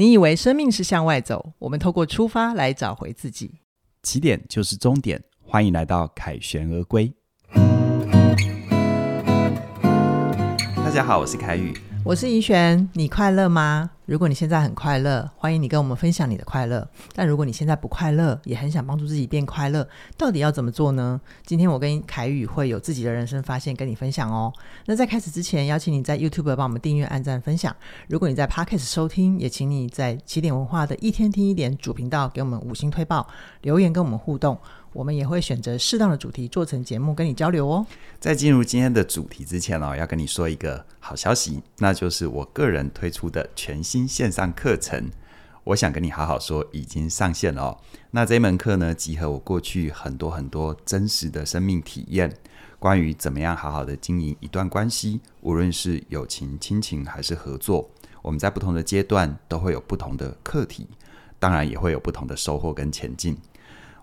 你以為生命是向外走，我們透過出發來找回自己。起點就是終點，歡迎來到凱旋而歸。大家好，我是凱宇。我是怡璇，你快樂嗎？如果你現在很快樂，歡迎你跟我們分享你的快樂。但如果你現在不快樂，也很想幫助自己變快樂，到底要怎麼做呢？今天我跟凱宇會有自己的人生發現跟你分享哦。那在開始之前，邀請你在 YouTube 幫我們訂閱、按讚、分享。如果你在 Podcast 收聽，也請你在啟點文化的一天聽一點主頻道給我們五星推報、留言跟我們互動。我們也會選擇適當的主題做成節目跟你交流哦。在進入今天的主題之前哦，要跟你說一個好消息，那就是我個人推出的全新線上課程，我想跟你好好說已經上線了哦。那這門課呢，集合我過去很多很多真實的生命體驗，關於怎麼樣好好的經營一段關係，無論是友情、親情還是合作，我們在不同的階段都會有不同的課題，當然也會有不同的收穫跟前進。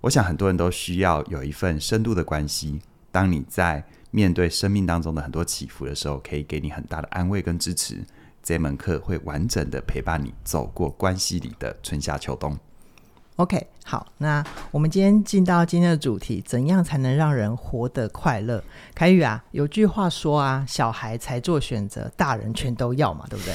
我想很多人都需要有一份深度的關係。當你在面對生命當中的很多起伏的時候，可以給你很大的安慰跟支持。這門課會完整的陪伴你走過關係裡的春夏秋冬。OK，好，那我們今天進到今天的主題：怎樣才能讓人活得快樂？凱宇啊，有句話說啊，小孩才做選擇，大人全都要嘛，對不對？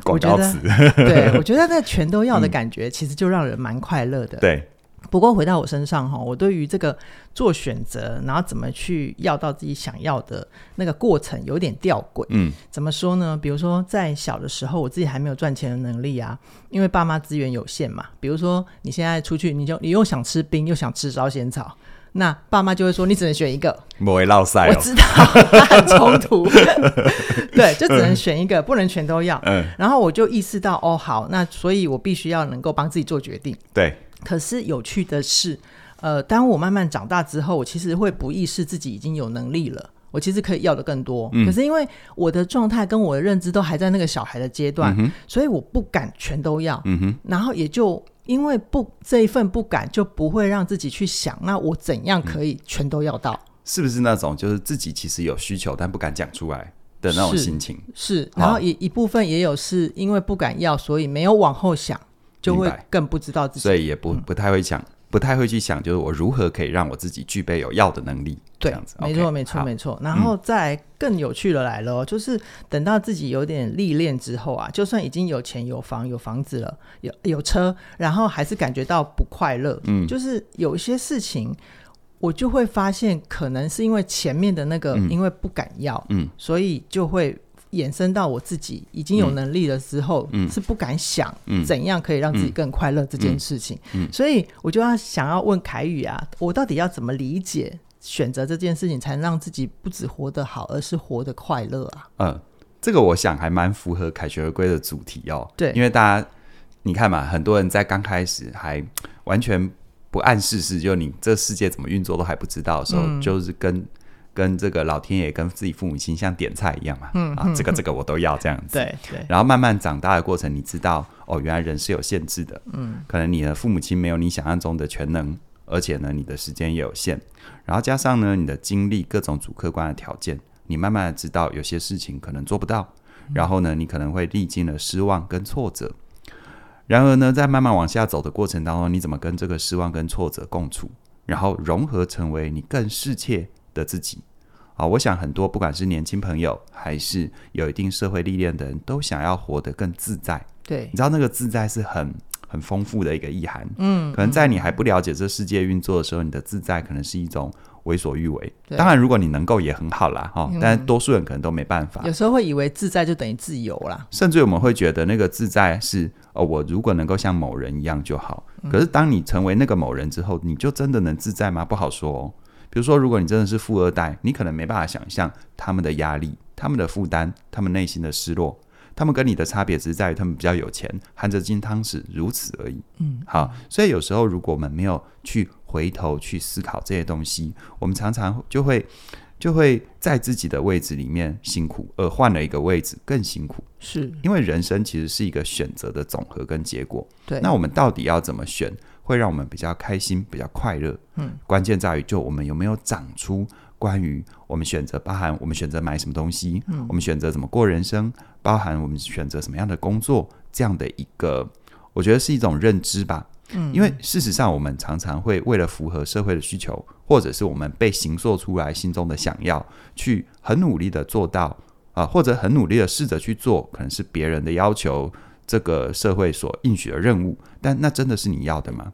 廣 告詞。對，我覺得那全都要的感覺， 嗯、其實就讓人蠻快樂的。對。不過回到我身上哈，我對於這個做選擇，然後怎麼去要到自己想要的那個過程，有點吊詭。嗯，怎麼說呢？比如說在小的時候，我自己還沒有賺錢的能力啊，因為爸媽資源有限嘛。比如說你現在出去，你就你又想吃冰，又想吃燒仙草，那爸媽就會說，你只能選一個。不會烙曬哦。我知道他很衝突。 對，就只能選一個、嗯，不能全都要。嗯，然後我就意識到哦，好，那所以我必須要能夠幫自己做決定。對。可是有趣的是，呃，當我慢慢長大之後，我其實會不意識自己已經有能力了，我其實可以要的更多。嗯。可是因為我的狀態跟我的認知都還在那個小孩的階段，嗯，所以我不敢全都要。嗯、然後也就因為不這一份不敢，就不會讓自己去想，那我怎樣可以全都要到？嗯、是不是那種就是自己其實有需求但不敢講出來的那種心情？是，是，然後一一部分也有是因為不敢要，所以沒有往後想。就會更不知道自己，所以也不，嗯、不太會想，不太會去想，就是我如何可以讓我自己具備有要的能力，對這樣子，沒錯，okay, 沒錯，沒錯。然後再更有趣的來了，哦嗯，就是等到自己有點歷練之後啊，就算已經有錢、有房、有房子了，有有車，然後還是感覺到不快樂。嗯，就是有一些事情，我就會發現，可能是因為前面的那個，因為不敢要，嗯，嗯，所以就會。延伸到我自己已經有能力的時候、嗯嗯，是不敢想怎樣可以讓自己更快樂這件事情、嗯嗯嗯。所以我就要想要問凱宇啊，我到底要怎麼理解選擇這件事情，才能讓自己不止活得好，而是活得快樂啊？嗯，這個我想還蠻符合凱璇而歸的主題哦。對，因為大家你看嘛，很多人在剛開始還完全不諳世事，就你這世界怎麼運作都還不知道的時候，嗯、就是跟。跟這個老天爺、跟自己父母親像點菜一樣嘛，啊，啊，這個、這個我都要這樣子。對，對，然後慢慢長大的過程，你知道，哦，原來人是有限制的。嗯，可能你的父母親沒有你想象中的全能，而且呢，你的時間也有限，然後加上呢，你的精力各種主客觀的條件，你慢慢的知道有些事情可能做不到，然後呢，你可能會歷經了失望跟挫折。然而呢，在慢慢往下走的過程當中，你怎麼跟這個失望跟挫折共處，然後融合成為你更適切的自己啊、哦,我想很多不管是年輕朋友還是有一定社會歷練的人,都想要活得更自在。對,你知道那個自在是很很豐富的一個意涵。嗯,可能在你還不了解這世界運作的時候、嗯,你的自在可能是一種為所欲為。當然,如果你能夠也很好啦,哈、哦嗯,但多數人可能都沒辦法。有時候會以為自在就等於自由啦,甚至我們會覺得那個自在是哦,我如果能夠像某人一樣就好、嗯。可是當你成為那個某人之後,你就真的能自在嗎？不好說哦。比如說，如果你真的是富二代，你可能沒辦法想象他們的壓力、他們的負擔、他們內心的失落。他們跟你的差別只是在於他們比較有錢，含着金湯匙如此而已。嗯，好。所以有時候，如果我們沒有去回頭去思考這些東西，我們常常就會就會在自己的位置裡面辛苦，而換了一個位置更辛苦。是因為人生其實是一個選擇的總和跟結果。對，那我們到底要怎麼選？會讓我們比較開心，比較快樂。嗯，關鍵在於，就我們有沒有長出關於我們選擇，包含我們選擇買什麼東西，嗯，我們選擇怎麼過人生，包含我們選擇什麼樣的工作，這樣的一個，我覺得是一種認知吧。嗯，因為事實上，我們常常會為了符合社會的需求，或者是我們被形塑出來心中的想要，去很努力的做到啊、呃，或者很努力的試着去做，可能是別人的要求。這個社會所應許的任務，但那真的是你要的嗎？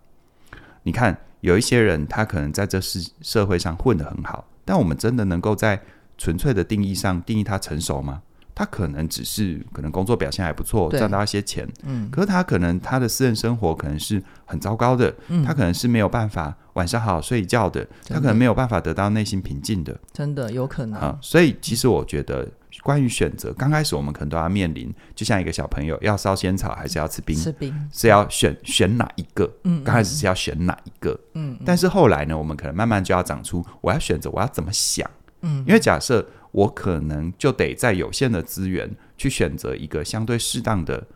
你看，有一些人他可能在這世社會上混得很好，但我們真的能夠在純粹的定義上定義他成熟嗎？他可能只是可能工作表現還不錯，賺到一些錢，嗯，可是他可能他的私人生活可能是很糟糕的，嗯、他可能是沒有辦法晚上好好睡一覺的，的，他可能沒有辦法得到內心平靜的，真的有可能。嗯、所以，其實我覺得、嗯。關於選擇，剛開始我們可能都要面臨，就像一個小朋友要燒仙草還是要吃冰，吃吃冰是要選選哪一個？嗯，嗯，剛開始是要選哪一個？嗯，嗯，但是後來呢，我們可能慢慢就要長出，我要選擇，我要怎麼想？嗯，嗯，因為假設我可能就得在有限的資源去選擇一個相對適當的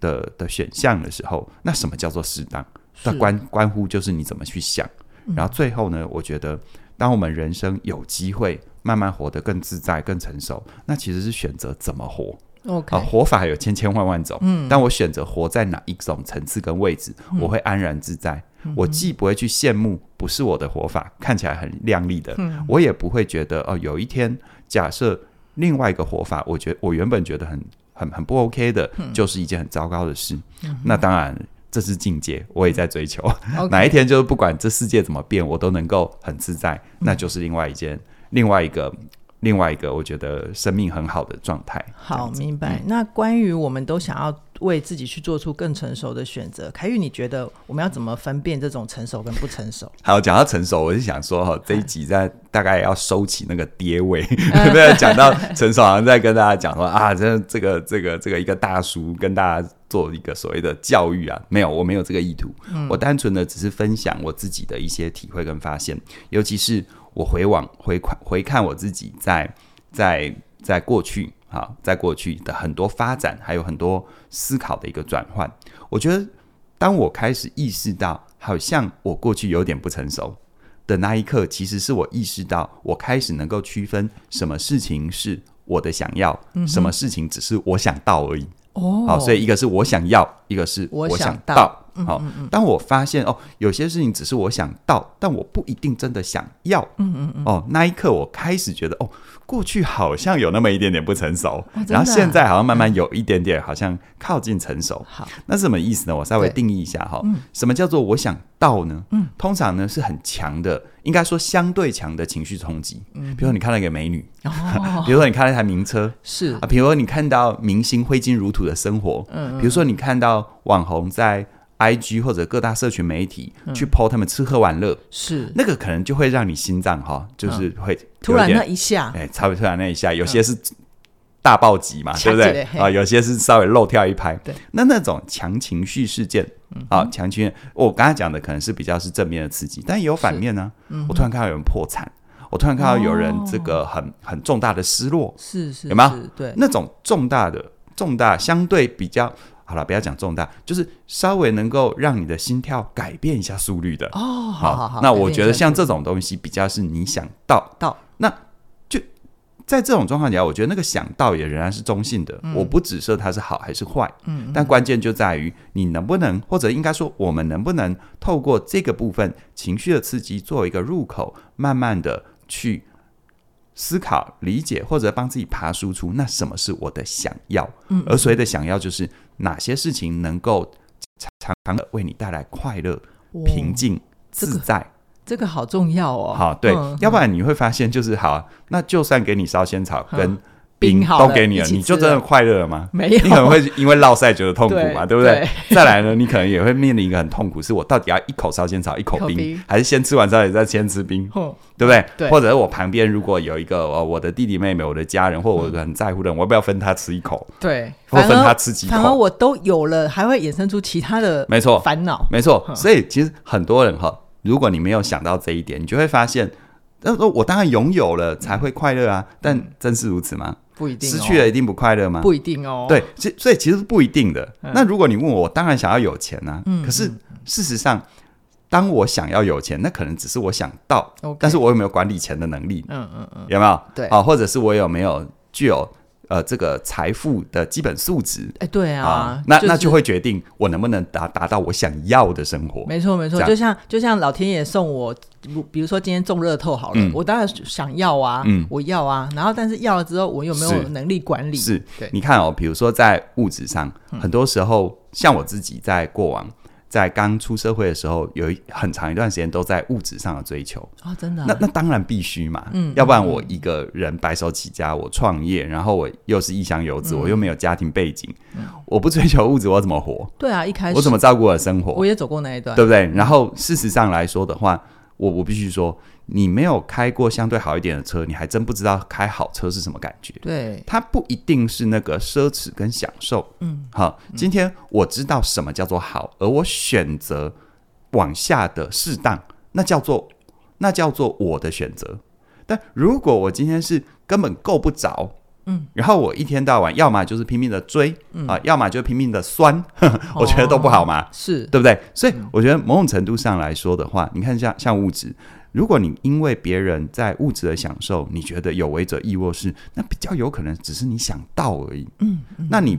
的的選項的時候，那什麼叫做適當？關關乎就是你怎麼去想，嗯。然後最後呢，我覺得。當我們人生有機會慢慢活得更自在、更成熟，那其實是選擇怎麼活、okay. 呃。活法有千千萬萬種。嗯，但我選擇活在哪一種層次跟位置、嗯，我會安然自在。嗯、我既不會去羨慕不是我的活法看起來很亮麗的、嗯，我也不會覺得哦、呃，有一天假設另外一個活法，我覺我原本覺得很很很不 OK 的、嗯，就是一件很糟糕的事。嗯、那當然。這是境界，我也在追求。Okay. 哪一天就是不管這世界怎麼變，我都能夠很自在，那就是另外一件，另外一個。另外一個，我覺得生命很好的狀態。好，明白。嗯、那關於我們都想要為自己去做出更成熟的選擇，凱宇，你覺得我們要怎麼分辨這種成熟跟不成熟？好，講到成熟，我就想說哈，這一集在大概要收起那個爹味，嗯、 對講到成熟好像在跟大家講說 啊，這個、這個這個這個一個大叔跟大家做一個所謂的教育啊，沒有，我沒有這個意圖，嗯、我單純的只是分享我自己的一些體會跟發現，尤其是。我回，往回看，回看我自己在在在過去啊，在過去的很多發展還有很多思考的一個轉換，我覺得當我開始意識到好像我過去有點不成熟，的那一刻，其實是我意識到我開始能夠區分什麼事情是我的想要，嗯，什麼事情只是我想到而已。哦，好，所以一個是我想要，一個是我想到。好、哦，當我發現哦，有些事情只是我想到，但我不一定真的想要。嗯嗯嗯。哦，那一刻我開始覺得，哦，過去好像有那麼一點點不成熟，啊、然後現在好像慢慢有一點點，好像靠近成熟。好，那是什麼意思呢？我稍微定義一下哈、哦，什麼叫做我想到呢？嗯，通常呢是很強的，應該說相對強的情緒衝擊。比如說你看了一個美女、哦，比如說你看了一台名車，是啊，比如說你看到明星揮金如土的生活，嗯，嗯，比如說你看到網紅在 IG 或者各大社群媒體去 po 他們吃喝玩樂、嗯，是那個可能就會讓你心臟哈，就是會突然那一下，哎、欸，差不多突然那一下，有些是大暴擊嘛、嗯，對不對？啊，有些是稍微漏跳一拍。對那那種強情緒事件、嗯、啊，強情緒，我剛才講的可能是比較是正面的刺激，但也有反面呢、啊嗯。我突然看到有人破產，我突然看到有人這個很、哦、很重大的失落，是是，是，是有嗎？對，那種重大的重大的相對比較。好了，不要講重大，就是稍微能夠讓你的心跳改變一下速率的哦、oh。好，好好，那我覺得像這種東西比較是你想到、嗯、到那就在這種狀況底下，我覺得那個想到也仍然是中性的。嗯、我不指涉它是好還是壞，嗯。但關鍵就在於你能不能，或者應該說我們能不能透過這個部分情緒的刺激做一個入口，慢慢的去思考、理解或者幫自己爬輸出。那什麼是我的想要？嗯，而所謂的想要就是。哪些事情能夠常常的為你帶來快樂、哦、平靜、自在。這個，這個好重要哦。好，對，嗯、要不然你會發現就是，好，那就算給你燒仙草跟、嗯。冰都給你了，了你就真的快樂了嗎？沒有，你可能會因為落賽覺得痛苦嘛，對，對不對？對再來呢，你可能也會面臨一個很痛苦，是我到底要一口燒仙草一口，一口冰，還是先吃完燒仙草再先吃冰？對不對？對或者我旁邊如果有一個我的弟弟妹妹、我的家人或我很在乎的人，嗯、我要不要分他吃一口，對，或分他吃幾口，反而我都有了，還會衍生出其他的，沒錯，煩惱，沒錯。所以其實很多人哈，如果你沒有想到這一點，你就會發現。那、就是、說我當然擁有了才會快樂啊，嗯、但真是如此嗎？不一定、哦，失去了一定不快樂嗎？不一定哦。對。對，所以其實不一定的。嗯、那如果你問我，我當然想要有錢啊。嗯、可是事實上，嗯、當我想要有錢，那可能只是我想到，嗯、但是我有沒有管理錢的能力？嗯嗯嗯，有沒有？對啊，或者是我有沒有具有？呃，這個財富的基本素質，哎、欸，對啊，呃、那、就是、那就會決定我能不能達達到我想要的生活。沒錯，沒錯，就像就像老天爺送我，比如說今天中樂透好了、嗯，我當然想要啊、嗯，我要啊，然後但是要了之後，我有沒有能力管理？是，是，對。你看哦，比如說在物質上，很多時候、嗯、像我自己在過往。在剛出社會的時候，有一很長一段時間都在物質上的追求啊、哦，真的、啊。那那當然必須嘛，嗯，要不然我一個人白手起家，嗯、我創業，然後我又是異鄉遊子、嗯，我又沒有家庭背景，嗯、我不追求物質，我怎麼活？對啊，一開始我怎麼照顧我的生活？我也走過那一段，對不對？然後事實上來說的話，我我必須說。你沒有開過相對好一點的車，你還真不知道開好車是什麼感覺。對，它不一定是那個奢侈跟享受。嗯，好，今天我知道什麼叫做好，嗯、而我選擇往下的適當，那叫做那叫做我的選擇。但如果我今天是根本夠不着，嗯，然後我一天到晚要麼就是拼命的追，嗯、啊，要麼就拼命的酸、嗯呵呵，我覺得都不好嘛，是、哦、對不對？所以我覺得某種程度上來說的話，嗯、你看像，像像物質。如果你因為別人在物質的享受，你覺得有為者亦若是，那比較有可能只是你想到而已。嗯，那你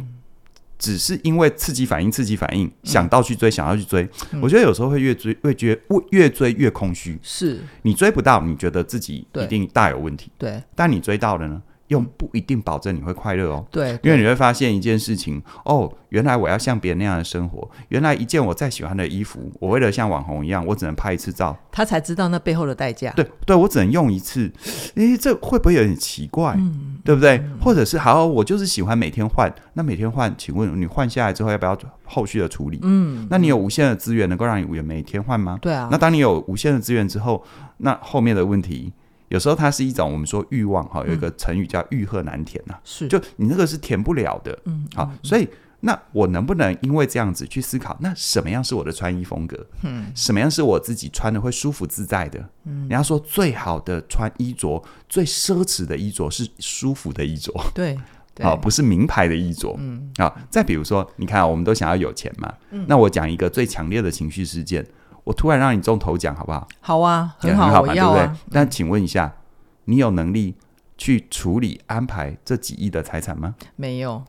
只是因為刺激反應、刺激反應、嗯、想到去追，想要去追、嗯，我覺得有時候會越追越覺越追越空虛。是你追不到，你覺得自己一定大有問題。對，對但你追到了呢？用不一定保證你會快樂哦。對，因為你會發現一件事情哦，原來我要像別人那樣的生活。原來一件我再喜歡的衣服，我為了像網紅一樣，我只能拍一次照。他才知道那背後的代價。對對，我只能用一次，哎、欸，這會不會有點奇怪？嗯，對不對？嗯、或者是好，我就是喜歡每天換。那每天換，請問你換下來之後要不要後續的處理？嗯，那你有無限的資源能夠讓你每天換嗎？對啊。那當你有無限的資源之後，那後面的問題。有時候它是一種我們說慾望哈、嗯哦，有一個成語叫“欲壑難填”吶、啊，就你那個是填不了的，嗯，好，嗯、所以那我能不能因為這樣子去思考，那什麼樣是我的穿衣風格？嗯，什麼樣是我自己穿的會舒服自在的？嗯，你要說最好的穿衣着、最奢侈的衣着是舒服的衣着，對，啊、哦，不是名牌的衣着，嗯，啊，再比如說，你看、哦，我們都想要有錢嘛，嗯，那我講一個最強烈的情緒事件。我突然讓你中頭獎，好不好？好啊，yeah, 很好，很好要啊，對不對要、啊。但請問一下，你有能力去處理安排這幾億的財產嗎？沒、嗯、有。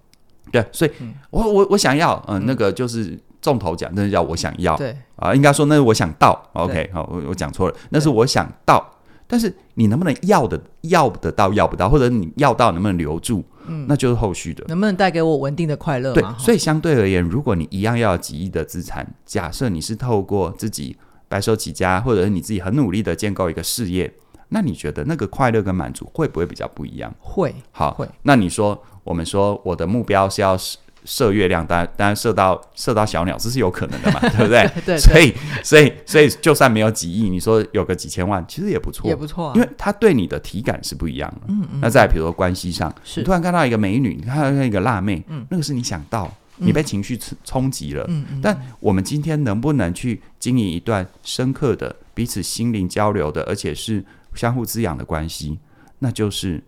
對，所以，嗯、我我我想要、呃，嗯，那個就是中頭獎，那的、個、叫我想要。嗯、對啊，應該說那是我想到。OK，好，我我講錯了、嗯，那是我想到。但是你能不能要得要不得到，要不到，或者你要到能不能留住？嗯，那就是後續的，能不能帶給我穩定的快樂？對，所以相對而言，如果你一樣要有幾億的資產，假設你是透過自己白手起家，或者是你自己很努力的建構一個事業，那你覺得那個快樂跟滿足會不會比較不一樣？會，好，會。那你說，我們說我的目標是要。射月亮，當然當然射到射到小鳥，這是有可能的嘛， 對不對？對。所以所以所以，就算沒有幾億，你說有個幾千萬，其實也不錯，也不錯、啊。因為他對你的體感是不一樣的。嗯嗯,嗯。那在比如說關係上，你突然看到一個美女，你看到一個辣妹、嗯，那個是你想到，你被情緒衝、嗯、衝擊了。嗯,嗯嗯。但我們今天能不能去經營一段深刻的彼此心靈交流的，而且是相互滋養的關係？那就是。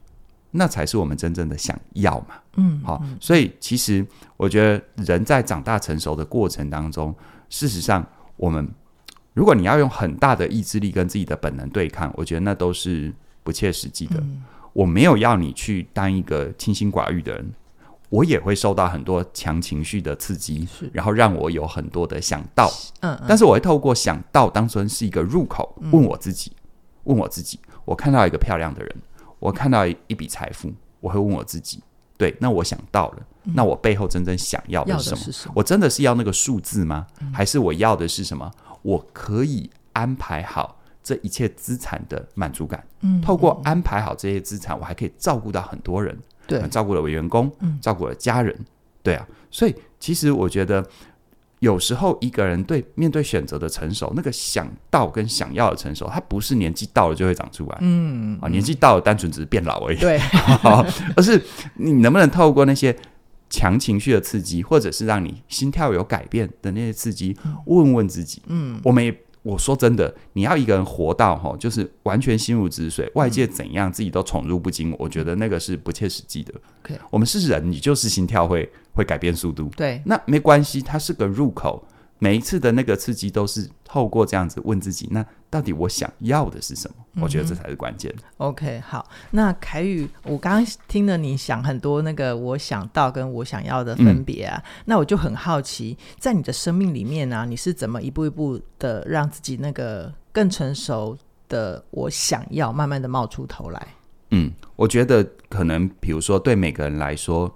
那才是我們真正的想要嘛，嗯，好、嗯哦，所以其實我覺得人在長大成熟的過程當中，嗯、事實上，我們如果你要用很大的意志力跟自己的本能對抗，我覺得那都是不切實際的、嗯。我沒有要你去當一個清心寡欲的人，我也會受到很多強情緒的刺激，然後讓我有很多的想到，嗯，但是我會透過想到當成是一個入口、嗯，問我自己，問我自己，我看到一個漂亮的人，我看到一筆財富，我會問我自己，對，那我想到了，嗯、那我背後真正想要的是什麼？什麼我真的是要那個數字嗎、嗯？還是我要的是什麼？我可以安排好這一切資產的滿足感、嗯嗯？透過安排好這些資產，我還可以照顧到很多人，對，照顧了我員工，嗯、照顧了家人，對啊，所以其實我覺得。有時候一個人對面對選擇的成熟，那個想到跟想要的成熟，它不是年紀到了就會長出來。嗯啊、嗯，年紀到了單純只是變老而已。對， 而是你能不能透過那些強情緒的刺激，或者是讓你心跳有改變的那些刺激，問問自己。嗯，我們也我說真的，你要一個人活到哈，就是完全心如止水，外界怎樣自己都寵辱不驚，我覺得那個是不切實際的。OK，我們是人，你就是心跳會。會改變速度，對，那沒關係，它是個入口。每一次的那個刺激都是透過這樣子問自己，那到底我想要的是什麼？嗯、我覺得這才是關鍵。OK，好，那凱宇，我剛剛聽了你想很多那個我想到跟我想要的分別啊、嗯，那我就很好奇，在你的生命裡面啊，你是怎麼一步一步的讓自己那個更成熟的我想要慢慢的冒出頭來？嗯，我覺得可能，比如說對每個人來說。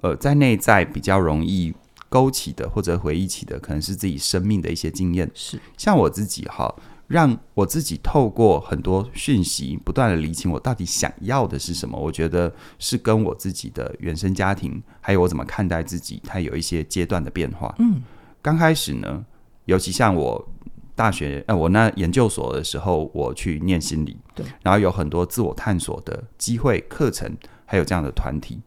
呃，在內在比較容易勾起的或者回憶起的，可能是自己生命的一些經驗。是像我自己哈，讓我自己透過很多訊息，不斷的釐清我到底想要的是什麼。我覺得是跟我自己的原生家庭，還有我怎麼看待自己，它有一些階段的變化。嗯，剛開始呢，尤其像我大學，呃，我那研究所的時候，我去念心理，對，然後有很多自我探索的機會、課程，還有這樣的團體。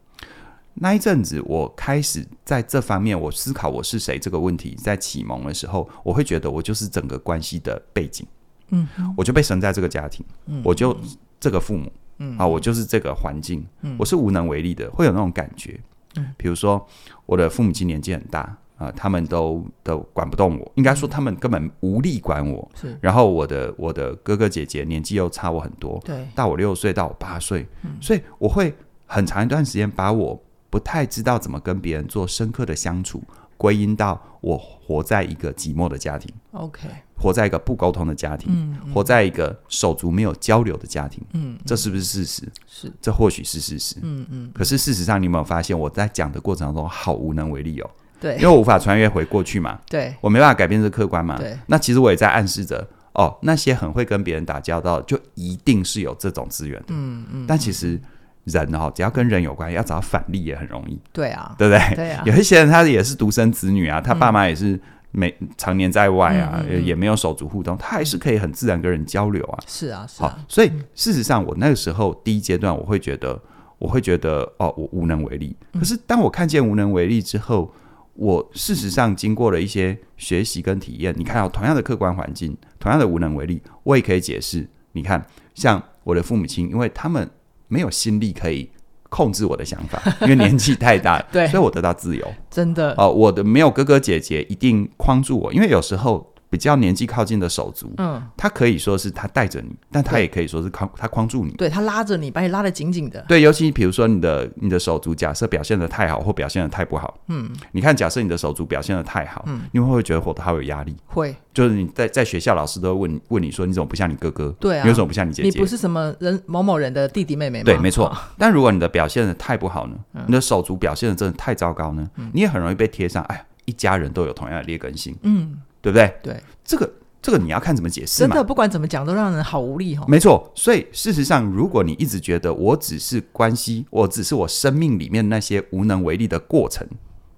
那一陣子，我開始在這方面，我思考我是誰這個問題。在啟蒙的時候，我會覺得我就是整個關係的背景，嗯，我就被生在這個家庭，嗯，我就這個父母，嗯啊，我就是這個環境，嗯，我是無能為力的，會有那種感覺，嗯，比如說我的父母親年紀很大啊，他們都都管不動我，應該說他們根本無力管我，是、嗯。然後我的我的哥哥姐姐年紀又差我很多，對，大我六歲大我八歲，嗯，所以我會很長一段時間把我。不太知道怎麼跟別人做深刻的相處，歸因到我活在一個寂寞的家庭。OK，活在一個不溝通的家庭，嗯，嗯，活在一個手足沒有交流的家庭。嗯，嗯，這是不是事實？是，這或許是事實。嗯，嗯嗯。可是事實上，你有沒有發現，我在講的過程中好無能為力哦？對，因為我無法穿越回過去嘛。對，我沒辦法改變這客觀嘛。對。那其實我也在暗示着，哦，那些很會跟別人打交道，就一定是有這種資源的。嗯，嗯嗯。但其實。人哦，只要跟人有關，要找到反例也很容易。對啊，對不對？對啊。有一些人他也是獨生子女啊，嗯、他爸媽也是沒常年在外啊、嗯，也沒有手足互動，他還是可以很自然跟人交流啊。是啊，是啊。所以事實上，我那個時候第一階段我、嗯，我會覺得，我會覺得哦，我無能為力。可是當我看見無能為力之後，嗯、我事實上經過了一些學習跟體驗。嗯、你看啊、哦，同樣的客觀環境，同樣的無能為力，我也可以解釋。你看，像我的父母親，因為他們。沒有心力可以控制我的想法，因為年紀太大 所以我得到自由。真的，哦，我的沒有哥哥姐姐一定框住我，因為有時候。比較年紀靠近的手足，嗯，他可以說是他帶着你，但他也可以說是框。他框住你，對，對，他拉着你，把你拉的緊緊的。對，尤其比如說你的你的手足，假設表現的太好或表現的太不好，嗯，你看，假設你的手足表現的太好，嗯，你會不會覺得活得好有壓力？會，就是你在在學校老師都會問問你說你怎麼不像你哥哥，對啊，你為什麼不像你姐姐，你不是什麼人某某人的弟弟妹妹嗎？對，沒錯。但如果你的表現的太不好呢，嗯，你的手足表現的真的太糟糕呢，嗯，你也很容易被貼上，哎，一家人都有同樣的劣根性，嗯。對不對？對，這個這個你要看怎麼解釋嘛。真的不管怎麼講，都讓人好無力哦，沒錯，所以事實上，如果你一直覺得我只是關係，我只是我生命裡面那些無能為力的過程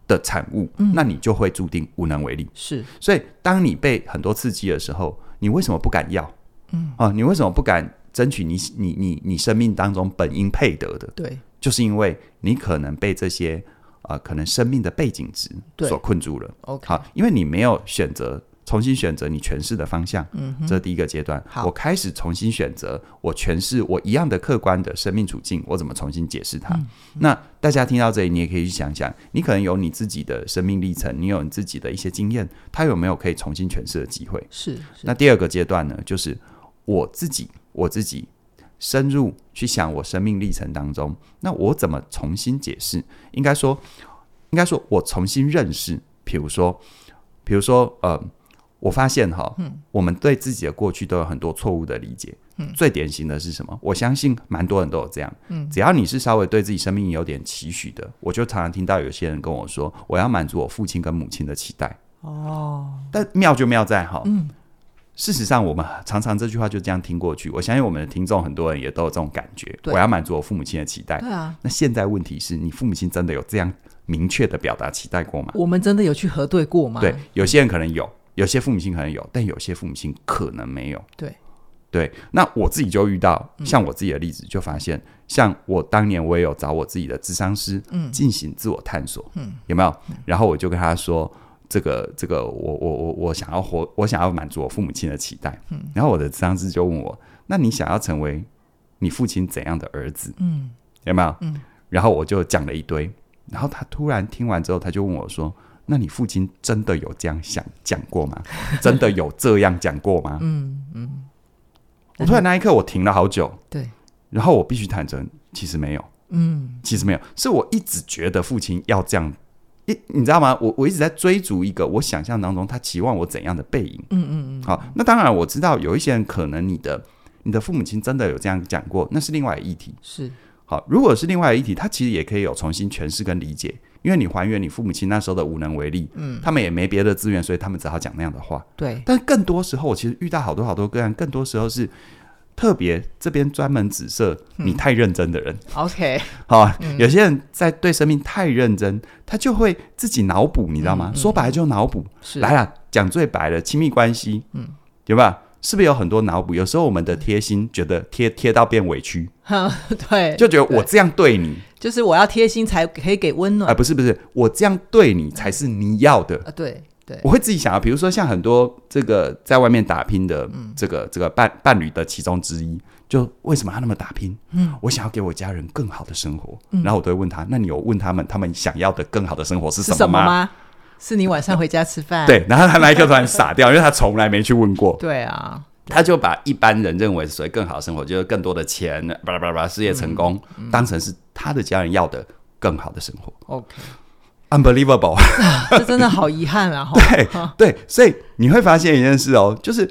的產物，嗯，那你就會注定無能為力。是，所以當你被很多刺激的時候，你為什麼不敢要？嗯，啊，你為什麼不敢爭取你你你你生命當中本應配得的？對，就是因為你可能被這些。啊、呃，可能生命的背景值所困住了。好、okay. 啊，因為你沒有選擇重新選擇你詮釋的方向。嗯，這第一個階段，我開始重新選擇我詮釋我一樣的客觀的生命處境，我怎麼重新解釋它？嗯嗯、那大家聽到這裡，你也可以去想想，你可能有你自己的生命歷程，你有你自己的一些經驗，它有沒有可以重新詮釋的機會？是。是那第二個階段呢，就是我自己，我自己。深入去想我生命歷程當中，那我怎麼重新解釋？應該說，應該說我重新認識。譬如說，譬如說，呃，我發現哈，嗯，我們對自己的過去都有很多錯誤的理解。嗯，最典型的是什麼？我相信蠻多人都有這樣。嗯，只要你是稍微對自己生命有點期許的，我就常常聽到有些人跟我說：“我要滿足我父親跟母親的期待。”哦，但妙就妙在哈，嗯。事實上，我們常常這句話就這樣聽過去。我相信我們的聽眾很多人也都有這種感覺。我要滿足我父母親的期待。對啊。那現在問題是你父母親真的有這樣明確的表達期待過嗎？我們真的有去核對過嗎？對，有些人可能有，有些父母親可能有，但有些父母親可能沒有。對對，那我自己就遇到，像我自己的例子，就發現、嗯，像我當年我也有找我自己的諮商師，嗯，進行自我探索，嗯，有沒有？然後我就跟他說。這個這個，我我我我想要活，我想要滿足我父母親的期待、嗯。然後我的上司就問我：“那你想要成為你父親怎樣的兒子？”嗯，有沒有？嗯，然後我就講了一堆。然後他突然聽完之後，他就問我說：“那你父親真的有這樣想講過嗎？ 真的有這樣講過嗎？”嗯嗯，我突然那一刻，我停了好久。對、嗯，然後我必須坦誠，其實沒有。嗯，其實沒有、嗯，是我一直覺得父親要這樣。你你知道嗎？我我一直在追逐一個我想象當中他期望我怎樣的背影。嗯，嗯嗯嗯。好，那當然我知道有一些人可能你的你的父母親真的有這樣講過，那是另外議題。是。好，如果是另外議題，他其實也可以有重新詮釋跟理解，因為你還原你父母親那時候的無能為力，嗯，他們也沒別的資源，所以他們只好講那樣的話。對。但更多時候，我其實遇到好多好多個案，更多時候是。特別這邊專門指涉你太認真的人，OK，好、嗯哦嗯，有些人在對生命太認真，他就會自己腦補，你知道嗎？嗯嗯、說白了就腦補。來啦講了，講最白的親密關係，嗯，對吧？是不是有很多腦補？有時候我們的貼心，覺得貼貼到變委屈，哈、嗯， 對，就覺得我這樣對你，對就是我要貼心才可以給溫暖啊、呃，不是不是，我這樣對你才是你要的，嗯呃、對。對，我會自己想啊，比如說像很多這個在外面打拼的、這個嗯，這個這個伴伴侶的其中之一，就為什麼要那麼打拼？嗯，我想要給我家人更好的生活。嗯、然後我都會問他，那你有問他們他們想要的更好的生活是什麼嗎？是什麼嗎？ 是你晚上回家吃飯？ 對，然後他那一刻突然傻掉， 因為他從來沒去問過。對啊，他就把一般人認為是所謂更好的生活，就是更多的錢，巴拉巴拉巴拉，事業成功、嗯嗯，當成是他的家人要的更好的生活。OK。Unbelievable！、啊、這真的好遺憾啊！ 對對，所以你會發現一件事哦，就是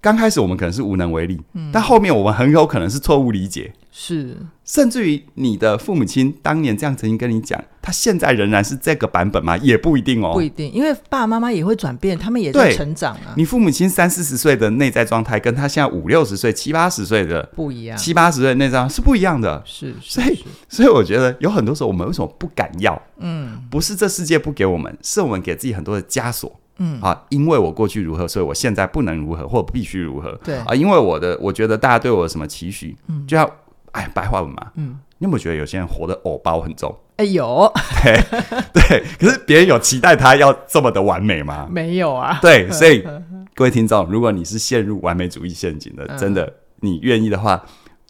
剛開始我們可能是無能為力，嗯、但後面我們很有可能是錯誤理解。嗯、是。甚至於你的父母親當年這樣曾經跟你講，他現在仍然是這個版本嗎？也不一定哦，不一定，因為爸爸媽媽也會轉變，他們也在成長啊。你父母親三四十歲的內在狀態，跟他現在五六十歲、七八十歲的不一樣，七八十歲的內在狀態是不一樣的。是,是，所以，所以我覺得有很多時候，我們為什麼不敢要？嗯，不是這世界不給我們，是我們給自己很多的枷鎖。嗯啊，因為我過去如何，所以我現在不能如何，或必須如何。對啊，因為我的，我覺得大家對我有什麼期許，嗯，就要。哎，白話文嘛，嗯，你有沒有覺得有些人活得偶包很重？哎、欸，有，對， 對，可是別人有期待他要這麼的完美嗎？沒有啊，對，所以，呵呵呵，各位聽眾，如果你是陷入完美主義陷阱的，嗯、真的，你願意的話，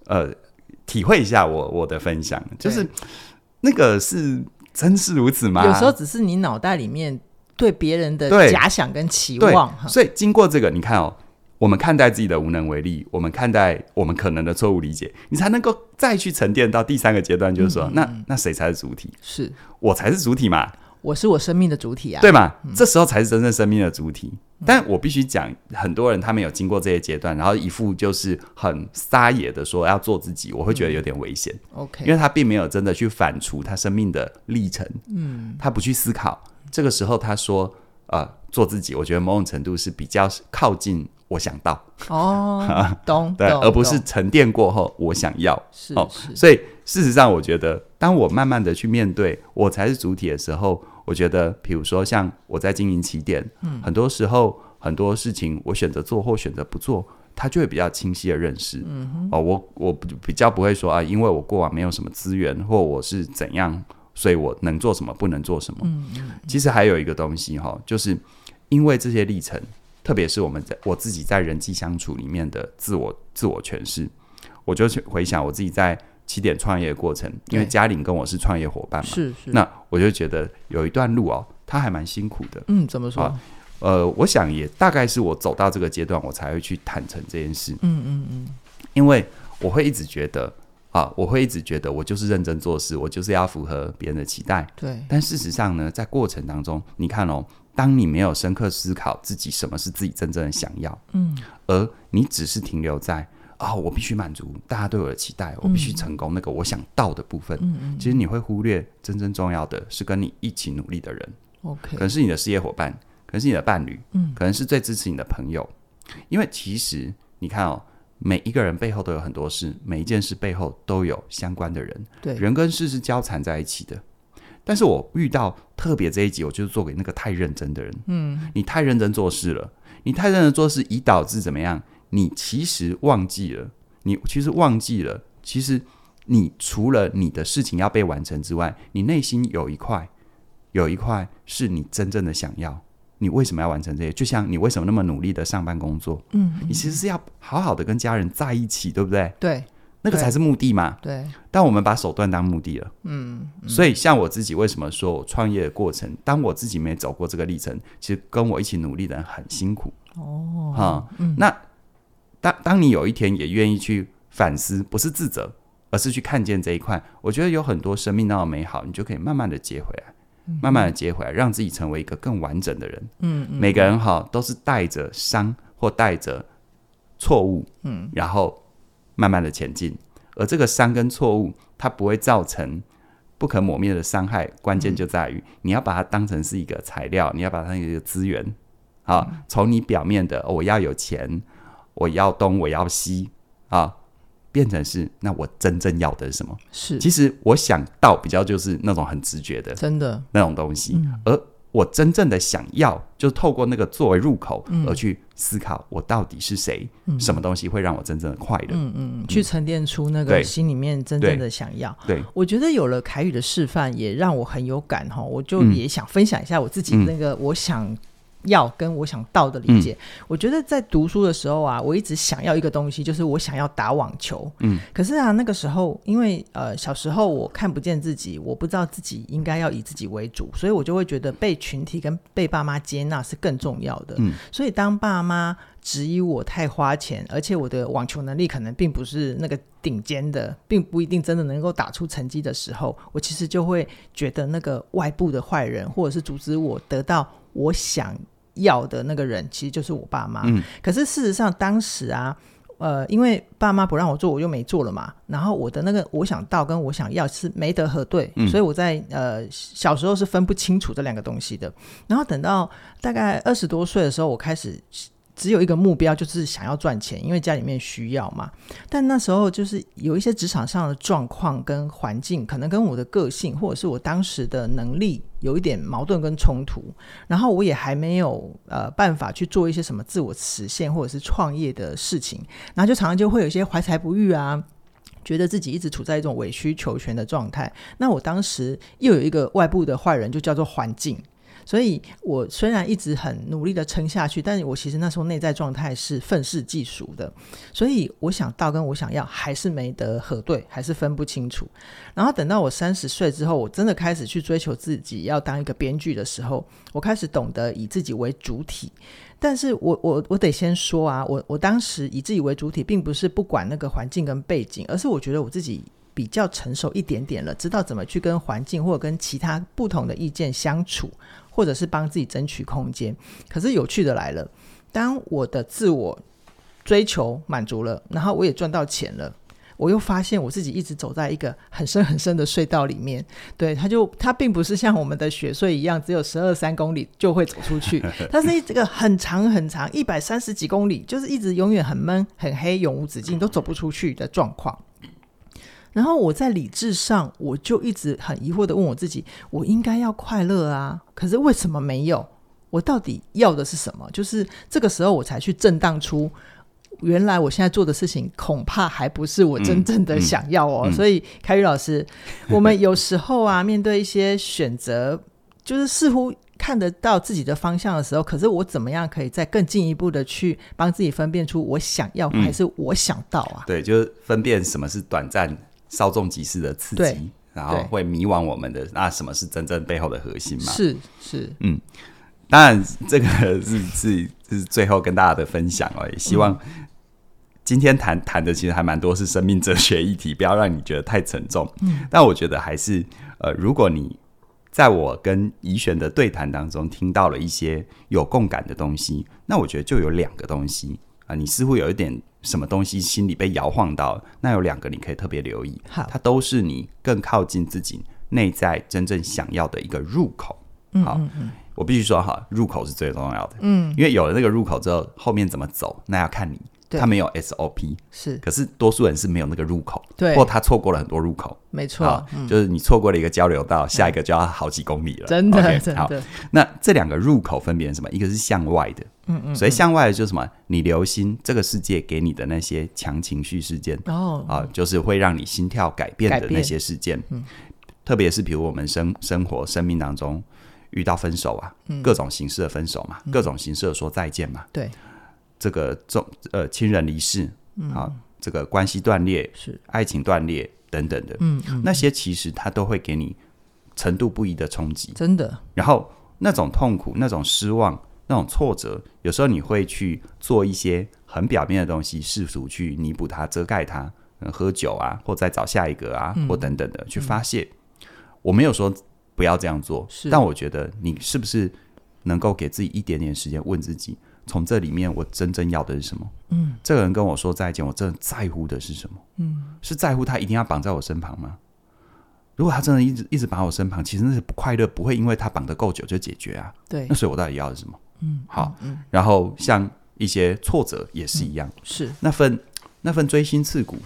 呃，體會一下我我的分享，就是那個是真是如此嗎？有時候只是你腦袋裡面對別人的假想跟期望，對，對，所以經過這個，你看哦。嗯我們看待自己的無能為力，我們看待我們可能的錯誤理解，你才能夠再去沉澱到第三個階段，就是說，嗯、那那誰才是主體？是我才是主體嘛？我是我生命的主體啊，對嘛？嗯、這時候才是真正生命的主體。嗯、但我必須講，很多人他沒有經過這些階段，然後一副就是很撒野的說要做自己，我會覺得有點危險、嗯。OK，因為他並沒有真的去反芻他生命的歷程，嗯，他不去思考。這個時候他說、呃、做自己，我覺得某種程度是比較靠近。我想到哦，懂，對，don't, don't. 而不是沉澱過後我想要是哦，是是，所以事實上，我覺得當我慢慢的去面對我才是主體的時候，我覺得，比如說像我在經營起點，嗯，很多時候很多事情我選擇做或選擇不做，他就會比較清晰的認識，嗯哼，哦，我我比較不會說啊，因為我過往沒有什麼資源或我是怎樣，所以我能做什麼不能做什麼，嗯，嗯，嗯，其實還有一個東西哈、哦，就是因為這些歷程。特別是我們在我自己在人際相處裡面的自我自我詮釋，我就去回想我自己在起點創業的過程，因為嘉玲跟我是創業夥伴嘛，是是，那我就覺得有一段路哦，他還蠻辛苦的，嗯，怎麼說？啊，呃，我想也大概是我走到這個階段，我才會去坦誠這件事，嗯嗯嗯，因為我會一直覺得啊，我會一直覺得我就是認真做事，我就是要符合別人的期待，對，但事實上呢，在過程當中，你看哦。當你沒有深刻思考自己什麼是自己真正的想要，嗯，而你只是停留在哦，我必須滿足大家對我的期待，我必須成功、嗯、那個我想到的部分，嗯，嗯，嗯，其實你會忽略真正重要的是跟你一起努力的人，OK，可能是你的事業夥伴，可能是你的伴侶，嗯，可能是最支持你的朋友、嗯，因為其實你看哦，每一個人背後都有很多事，每一件事背後都有相關的人，對，人跟事是交纏在一起的。但是我遇到特別這一集，我就是做給那個太認真的人。嗯，你太認真做事了，你太認真做事，以導致怎麼樣？你其實忘記了，你其實忘記了，其實你除了你的事情要被完成之外，你內心有一塊，有一塊是你真正的想要。你為什麼要完成這些？就像你為什麼那麼努力的上班工作？嗯，嗯，你其實是要好好的跟家人在一起，對不對？對。那個才是目的嘛，對？對。但我們把手段當目的了。嗯。嗯，所以，像我自己，為什麼說我創業的過程，當我自己沒走過這個歷程，其實跟我一起努力的人很辛苦。哦。哈、嗯嗯。那當，當你有一天也願意去反思，不是自責，而是去看見這一塊，我覺得有很多生命那麼美好，你就可以慢慢的接回來，嗯、慢慢的接回來，讓自己成為一個更完整的人。嗯嗯。每個人哈、哦、都是帶着傷或帶着錯誤，嗯，然後。慢慢的前進，而這個傷跟錯誤，它不會造成不可磨滅的傷害。關鍵就在於、嗯，你要把它當成是一個材料，你要把它一個資源，好，從、嗯、你表面的、哦、我要有錢，我要東我要西啊，變成是那我真正要的是什麼？是其實我想到比較就是那種很直覺的，真的那種東西，嗯、而。我真正的想要，就透過那個作為入口，而去思考我到底是誰？嗯，什麼東西會讓我真正的快樂？嗯嗯，嗯，去沉澱出那個心裡面真正的想要。對，對我覺得有了凱宇的示範，也讓我很有感吼，我就也想分享一下我自己那個我想，嗯。嗯要跟我想到的理解，嗯，我覺得在讀書的時候啊，我一直想要一個東西，就是我想要打網球。嗯，可是啊，那個時候因為呃小時候我看不見自己，我不知道自己應該要以自己為主，所以我就會覺得被群體跟被爸媽接納是更重要的。嗯，所以當爸媽質疑我太花錢，而且我的網球能力可能並不是那個頂尖的，並不一定真的能夠打出成績的時候，我其實就會覺得那個外部的壞人，或者是阻止我得到我想。要的那個人其實就是我爸媽。嗯，可是事實上當時啊，呃，因為爸媽不讓我做，我就沒做了嘛。然後我的那個我想到跟我想要是沒得核對，嗯，所以我在呃小時候是分不清楚這兩個東西的。然後等到大概二十多歲的時候，我開始，只有一個目標，就是想要賺錢，因為家裡面需要嘛。但那時候就是有一些職場上的狀況跟環境，可能跟我的個性或者是我當時的能力有一點矛盾跟衝突。然後我也還沒有呃辦法去做一些什麼自我實現或者是創業的事情，然後就常常就會有一些懷才不遇啊，覺得自己一直處在一種委曲求全的狀態。那我當時又有一個外部的壞人，就叫做環境。所以我雖然一直很努力的撐下去，但我其實那時候內在狀態是憤世嫉俗的，所以我想到跟我想要還是沒得核對，還是分不清楚。然後等到我三十歲之後，我真的開始去追求自己要當一個編劇的時候，我開始懂得以自己為主體。但是我我我得先說啊，我我當時以自己為主體，並不是不管那個環境跟背景，而是我覺得我自己比較成熟一點點了，知道怎麼去跟環境或者跟其他不同的意見相處。或者是幫自己爭取空間，可是有趣的來了，當我的自我追求滿足了，然後我也賺到錢了，我又發現我自己一直走在一個很深很深的隧道裡面，對，它就它並不是像我們的雪隧一樣，只有十二三公里就會走出去，它是一個很長很長，一百三十幾公里，就是一直永遠很悶很黑，永無止境都走不出去的狀況。然後我在理智上，我就一直很疑惑的問我自己：我應該要快樂啊，可是為什麼沒有？我到底要的是什麼？就是這個時候我才去診斷出，原來我現在做的事情恐怕還不是我真正的想要哦。嗯嗯、所以，凱宇老師、嗯，我們有時候啊，面對一些選擇， 就是似乎看得到自己的方向的時候，可是我怎麼樣可以再更進一步的去幫自己分辨出我想要還是我想到啊？嗯、對，就是分辨什麼是短暫。稍縱即逝的刺激，然後會迷惘我們的。那什麼是真正背後的核心嗎？是是，嗯，當然這個是是是最後跟大家的分享哦。也希望今天談談的其實還蠻多是生命哲學議題，不要讓你覺得太沉重。嗯、但我覺得還是呃，如果你在我跟怡璇的對談當中聽到了一些有共感的東西，那我覺得就有兩個東西啊、呃，你似乎有一點。什麼東西心裡被搖晃到？那有兩個你可以特別留意，好，它都是你更靠近自己內在真正想要的一個入口。嗯嗯嗯好，我必須說哈，入口是最重要的。嗯，因為有了那個入口之後，後面怎麼走，那要看你。他沒有 SOP 是，可是多數人是沒有那個入口，對或他錯過了很多入口，沒錯，嗯、就是你錯過了一個交流道，到、嗯、下一個就要好幾公里了，真的 okay, 真的好，那這兩個入口分別是什麼？一個是向外的，嗯嗯，所以向外的就是什麼？你留心這個世界給你的那些強情緒事件哦，啊、哦嗯，就是會讓你心跳改變的那些事件，嗯、特別是比如我們生生活生命當中遇到分手啊，嗯、各種形式的分手嘛、嗯，各種形式的說再見嘛，嗯、對。這個重、呃，親人離世、嗯、啊，這個關係斷裂是愛情斷裂等等的，嗯，嗯，那些其實他都會給你程度不一的衝擊，真的。然後那種痛苦、那種失望、那種挫折，有時候你會去做一些很表面的東西，試圖去彌補它、遮蓋它，喝酒啊，或再找下一個啊，嗯、或等等的去發洩、嗯。我沒有說不要這樣做，是但我覺得你是不是能夠給自己一點點時間問自己。從這裡面，我真正要的是什麼？嗯，這個人跟我說再見，我真的在乎的是什麼？嗯，是在乎他一定要綁在我身旁嗎？如果他真的一直一直綁在我身旁，其實那些不快樂，不會因為他綁得夠久就解決啊。對，那所以我到底要的是什麼？嗯，好嗯，嗯，然後像一些挫折也是一樣，嗯、是那份那份錐心刺骨，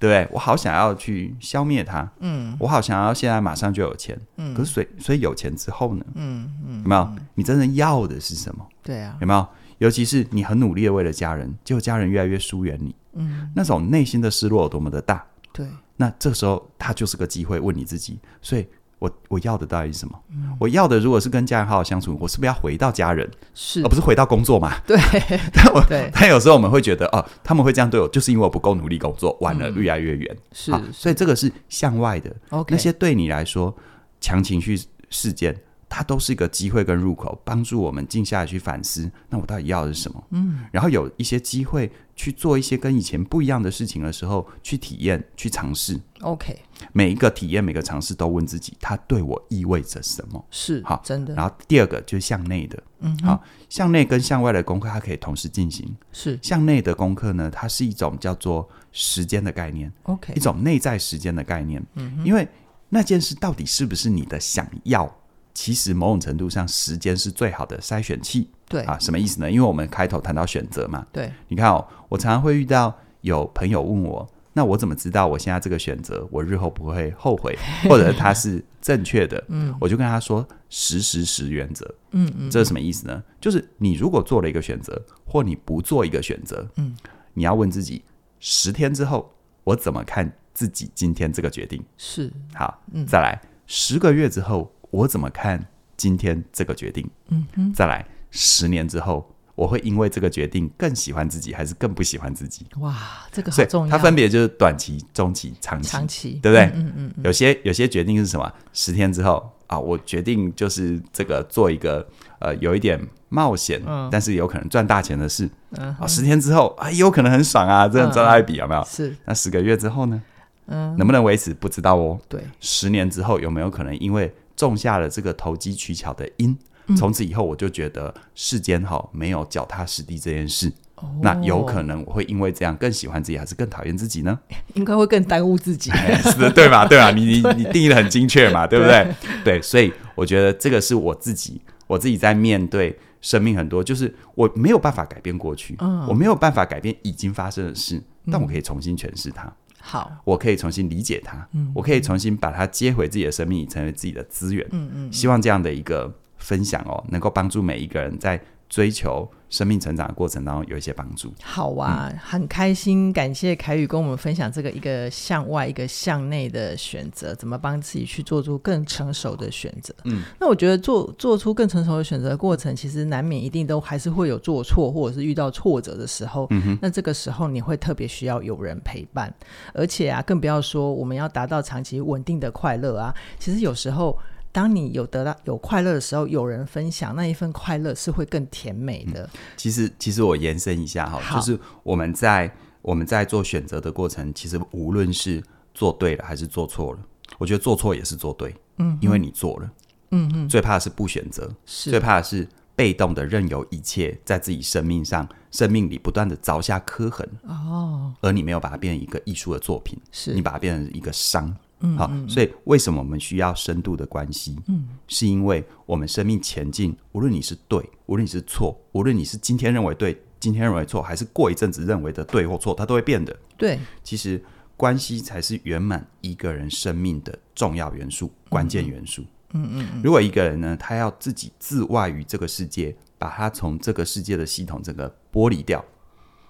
對不對？我好想要去消滅他。嗯，我好想要現在馬上就有錢，嗯，可是所以所以有錢之後呢？嗯嗯，有沒有、嗯？你真正要的是什麼？對啊，有沒有？尤其是你很努力的為了家人，結果家人越來越疏遠你，嗯，那種內心的失落有多麼的大？對，那這個時候他就是個機會問你自己，所以我我要的到底是什麼、嗯？我要的如果是跟家人好好相處，我是不是要回到家人？是，而、哦、不是回到工作嘛？對。 但我對，但有時候我們會覺得，哦，他們會這樣對我，就是因為我不夠努力工作，玩得越來越遠。嗯、是，是，所以這個是向外的。Okay、那些對你來說強情緒事件。它都是一個機會跟入口，幫助我們靜下來去反思，那我到底要的是什麼？嗯，然後有一些機會去做一些跟以前不一樣的事情的時候，去體驗、去嘗試。OK，每一個體驗、每個嘗試都問自己，它對我意味着什麼？是，好，真的。然後第二個就是向內的，嗯，好，向內跟向外的功課它可以同時進行。是，向內的功課呢，它是一種叫做時間的概念，OK，一種內在時間的概念。嗯，因為那件事到底是不是你的想要？其實某種程度上，時間是最好的篩選器。對啊，什麼意思呢？因為我們開頭談到選擇嘛。對，你看哦，我常常會遇到有朋友問我，那我怎麼知道我現在這個選擇，我日後不會後悔，或者它是正確的？嗯，我就跟他說：十十十原則。嗯嗯，這是什麼意思呢？就是你如果做了一個選擇，或你不做一個選擇，嗯，你要問自己：十天之後，我怎麼看自己今天這個決定？是。好，再來十個月之後。我怎麼看今天這個決定？嗯哼，再來十年之後，我會因為這個決定更喜歡自己，還是更不喜歡自己？哇，這個很重要。它分別就是短期、中期、長期，長期對不對？嗯嗯，嗯，嗯，有些有些決定是什麼？十天之後啊，我決定就是這個做一個呃有一點冒險、嗯，但是有可能賺大錢的事。啊、嗯哦，十天之後啊，也、哎、有可能很爽啊，這樣賺大一筆有沒有、嗯？是。那十個月之後呢？嗯，能不能維持不知道哦。對，十年之後有沒有可能因為？種下了這個投機取巧的因，從、嗯、此以後我就覺得世間好沒有腳踏實地這件事，哦。那有可能我會因為這樣更喜歡自己，還是更討厭自己呢？應該會更耽誤自己， 是的，對吧？對吧？你你你定義得很精確嘛對，對不對？對，所以我覺得這個是我自己，我自己在面對生命很多，就是我沒有辦法改變過去，嗯、我沒有辦法改變已經發生的事，嗯、但我可以重新詮釋它。好，我可以重新理解它，嗯嗯嗯，我可以重新把它接回自己的生命，以成為自己的資源。嗯，嗯嗯，希望這樣的一個分享哦，能夠幫助每一個人在追求生命成長的過程當中有一些幫助，好啊、嗯，很開心，感謝凱宇跟我們分享這個一個向外、一個向內的選擇，怎麼幫自己去做出更成熟的選擇。嗯，那我覺得做做出更成熟的選擇的過程，其實難免一定都還是會有做錯或者是遇到挫折的時候。嗯哼，那這個時候你會特別需要有人陪伴，而且啊，更不要說我們要達到長期穩定的快樂啊，其實有時候。當你有得到有快樂的時候，有人分享那一份快樂是會更甜美的。嗯。其實，其實我延伸一下哈，就是我們在我們在做選擇的過程，其實無論是做對了還是做錯了，我覺得做錯也是做對，嗯，因為你做了，嗯嗯。最怕的是不選擇，是最怕的是被動的，任由一切在自己生命上、生命裡不斷的鑿下刻痕。哦，而你沒有把它變成一個藝術的作品，是你把它變成一個傷。好，所以為什麼我們需要深度的關係？嗯，是因為我們生命前進，無論你是對，無論你是錯，無論你是今天認為對，今天認為錯，還是過一陣子認為的對或錯，它都會變的。對，其實關係才是圓滿一個人生命的重要元素、嗯、關鍵元素。嗯嗯，嗯，如果一個人呢，他要自己自外於這個世界，把他從這個世界的系統整個剝離掉，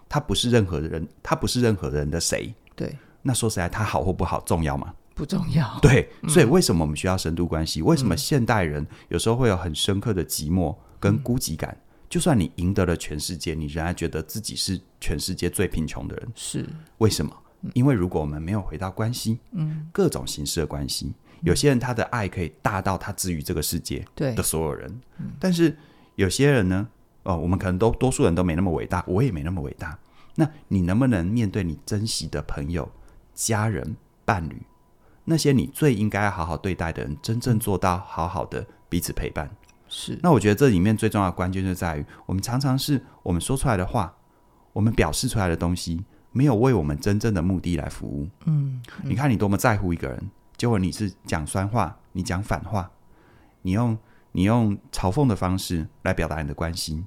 他不是任何人，他不是任何人的誰。對，那說實在，他好或不好重要嗎？不重要。對，所以為什麼我們需要深度關係、嗯？為什麼現代人有時候會有很深刻的寂寞跟孤寂感？嗯、就算你贏得了全世界，你仍然覺得自己是全世界最貧窮的人。是為什麼、嗯？因為如果我們沒有回到關係、嗯，各種形式的關係、嗯，有些人他的愛可以大到他治癒這個世界的所有人，對，但是有些人呢，哦、呃，我們可能都多數人都沒那麼偉大，我也沒那麼偉大。那你能不能面對你珍惜的朋友、家人、伴侶？那些你最應該好好對待的人，真正做到好好的彼此陪伴。是，那我覺得這裡面最重要的關鍵就在於，我們常常是我們說出來的話，我們表示出來的東西，沒有為我們真正的目的來服務。嗯，嗯，你看你多麼在乎一個人，結果你是講酸話，你講反話，你用你用嘲諷的方式來表達你的關心，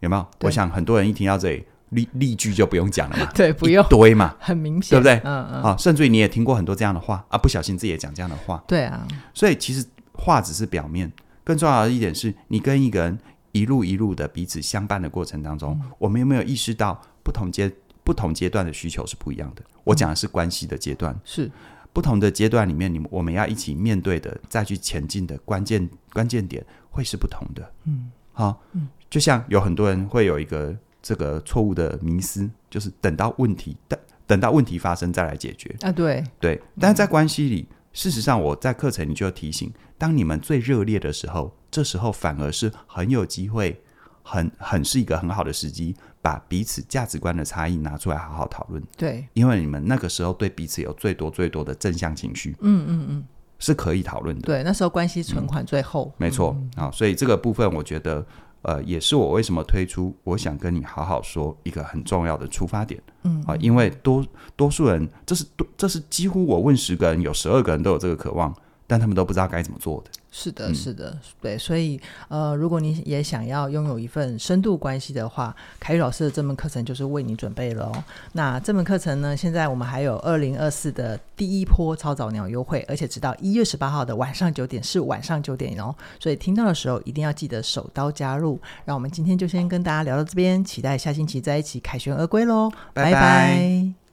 有沒有？我想很多人一聽到這裡。例例句就不用講了嘛，對，不用一堆嘛，很明顯，對不對？嗯嗯好、哦，甚至於你也聽過很多這樣的話啊，不小心自己也講這樣的話，對啊。所以其實話只是表面，更重要的一點是你跟一個人一路一路的彼此相伴的過程當中，嗯、我們有沒有意識到不同階不同階段的需求是不一樣的？我講的是關係的階段，是、嗯、不同的階段裡面，你我們要一起面對的，再去前進的關鍵關鍵點會是不同的。嗯，好、哦，嗯，就像有很多人會有一個。這個錯誤的迷思就是等到問題，等等到問題發生再來解決啊對！對對，但在關係裡、嗯，事實上我在課程裡就提醒，當你們最熱烈的時候，這時候反而是很有機會，很很是一個很好的時機，把彼此價值觀的差異拿出來好好討論。對，因為你們那個時候對彼此有最多最多的正向情緒，嗯嗯嗯，是可以討論的。對，那時候關係存款最厚、嗯嗯，沒錯啊。所以這個部分，我覺得。呃，也是我為什麼推出，我想跟你好好說一個很重要的出發點，嗯啊、呃，因為多多數人，這是多這是幾乎我問十個人，有十二個人都有這個渴望。但他們都不知道該怎麼做的是的、嗯，是的，對，所以呃，如果你也想要擁有一份深度關係的話，凱宇老師的這門課程就是為你準備了、哦。那這門課程呢，現在我們還有二零二四的第一波超早鳥優惠，而且直到一月十八號的晚上九點，是晚上九點哦，所以聽到的時候一定要記得手刀加入。讓我們今天就先跟大家聊到這邊，期待下星期再一起凱璇而歸嘍，拜拜，拜拜。